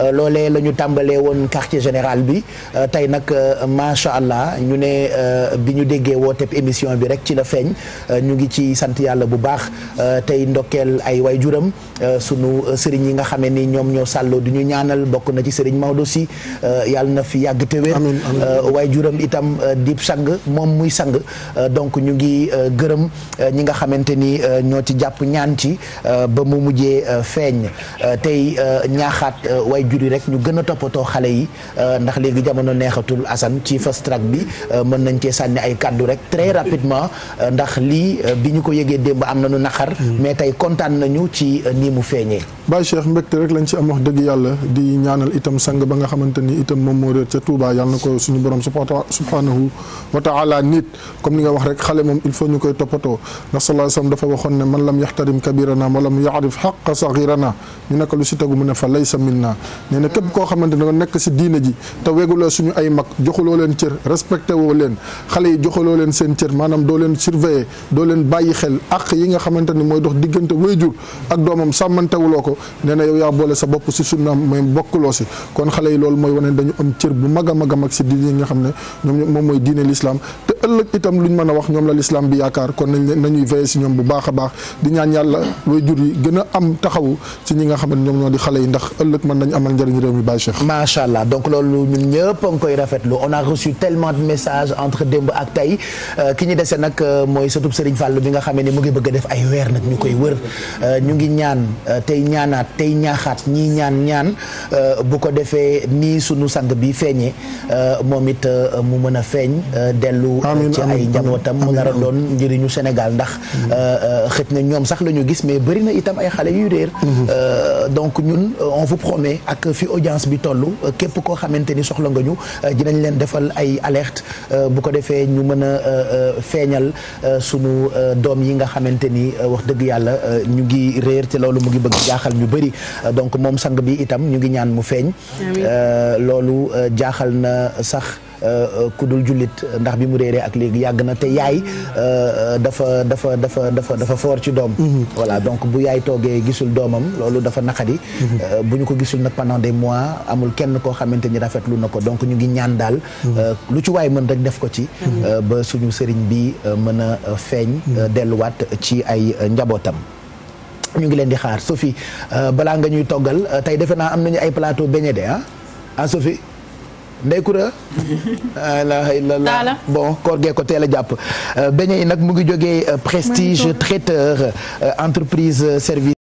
Euh, loolee la ñu tàmbalee woon quartier général bi euh, tey nag euh, macha allah ñu ne bi ñu déggee wooteeb émission bi rek ci la feeñ ñu ngi ci sant yàlla bu baax tey ndokkeel ay waay waajuram sunu sëriñ yi nga xamee ni ñoom ñoo sàlloo du ñu ñaanal bokk na ci sëriñ Maodo si yàlla na fi yàgg te wér waajuram itam dib sang moom muy sang donc ñu ngi gërëm ñi nga xamante ni ñoo ci jàpp ñaan ci ba mu mujjee feeñ tey ñaaxaat waay juri rek ñu gën a toppatoo xale yi euh, ndax léegi jamono neexatul Assane ci fast track bi euh, mën nañ cee sànni ay kàddu rek très rapidement euh, ndax lii bi ñu ko yëgee démb am nañu naqar mm-hmm. mais tey kontaan nañu ci nii mu feeñee Baye Cheikh mbégte rek lañ ci am wax dëgg yàlla di ñaanal itam sang ba nga xamante ni itam moom moo réer ca Touba yàlla na ko suñu borom subhanahu wa taala nit comme ni nga wax rek xale moom il faut ñu koy toppatoo ndax sallallahu alayhi wasallam dafa waxoon ñu naka lu si tegu mu ne fa nee na képp koo xamante ne nekk si diina ji te weguloo suñu ay mag joxuloo leen cër respecté woo leen xale yi joxuloo leen seen cër maanaam doo leen surveiller doo leen bàyyi xel ak yi nga xamante ni mooy dox diggante wayjur ak doomam sàmmantewuloo ko nee na yow yaa boole sa bopp si sunnaam mooy bokkuloo si kon xale yi loolu mooy wane dañu am cër bu mag a mag a mag si diine yi nga xam ne ñoom moom mooy diine l'islam te ëllëg itam ñu mën a wax ñoom la l'islam bi yaakaar kon nañ nañuy veiller si ñoom bu baax a baax di ñaan yàlla yi gën a am taxawu si ñi nga xam ñoom ñoo di xale yi ndax ëllëg mën nañ am amal njëriñ réew mi Baye Cheikh. macha allah donc loolu ñun ñëpp a ngi koy on a reçu tellement de messages entre démb ak tey euh, ki ñu dese nag euh, mooy sëtub Serigne Fall bi nga xamee ni mu ngi bëgg a def ay weer nag ñu koy wër euh, ñu ngi ñaan tey ñaanaat tey ñaaxaat ñii ñaan ñaan bu ko defee nii sunu sang bi feeñee moom it mu mën a feeñ dellu ci ay njabootam mu nar a doon njëriñu Sénégal ndax mm-hmm. xëj na ñoom sax lañu gis mais bëri itam ay xale yuy réer mm-hmm. donc ñun on vous promet ak fi audience bi toll képp koo xamante ni soxla nga ñu euh, dinañ leen defal ay alerte euh, bu ko defee ñu mën a euh, feeñal sunu doom yi nga xamante ni wax dëgg yàlla ñu ngi réer te loolu mu ngi bëgg jaaxal ñu bëri donc moom sang bi itam ñu ngi ñaan mu feeñ loolu jaaxal na sax Euh, euh, ku dul jullit ndax bi mu réeree ak léegi yàgg na te yaay euh, dafa dafa dafa dafa dafa foor ci doom mhm. voilà donc bu yaay toogee gisul doomam loolu dafa naqadi mhm. bu ñu ko gisul nag pendant des mois amul kenn koo xamante ni rafetlu na ko donc ñu ngi ñaan daal mhm. lu ci waay mën rek def ko ci ba suñu sëriñ bi mën a feeñ delluwaat ci ay njabootam ñu ngi leen di xaar Sophie balaa nga ñuy toggal tey defe naa am nañu ay plateau beignet de ah ah Sophie ndey kura ah, la la bon koor gee ko teel a jàpp euh, beñe yi nag mu ngi jógee euh, prestige traiteur euh, entreprise service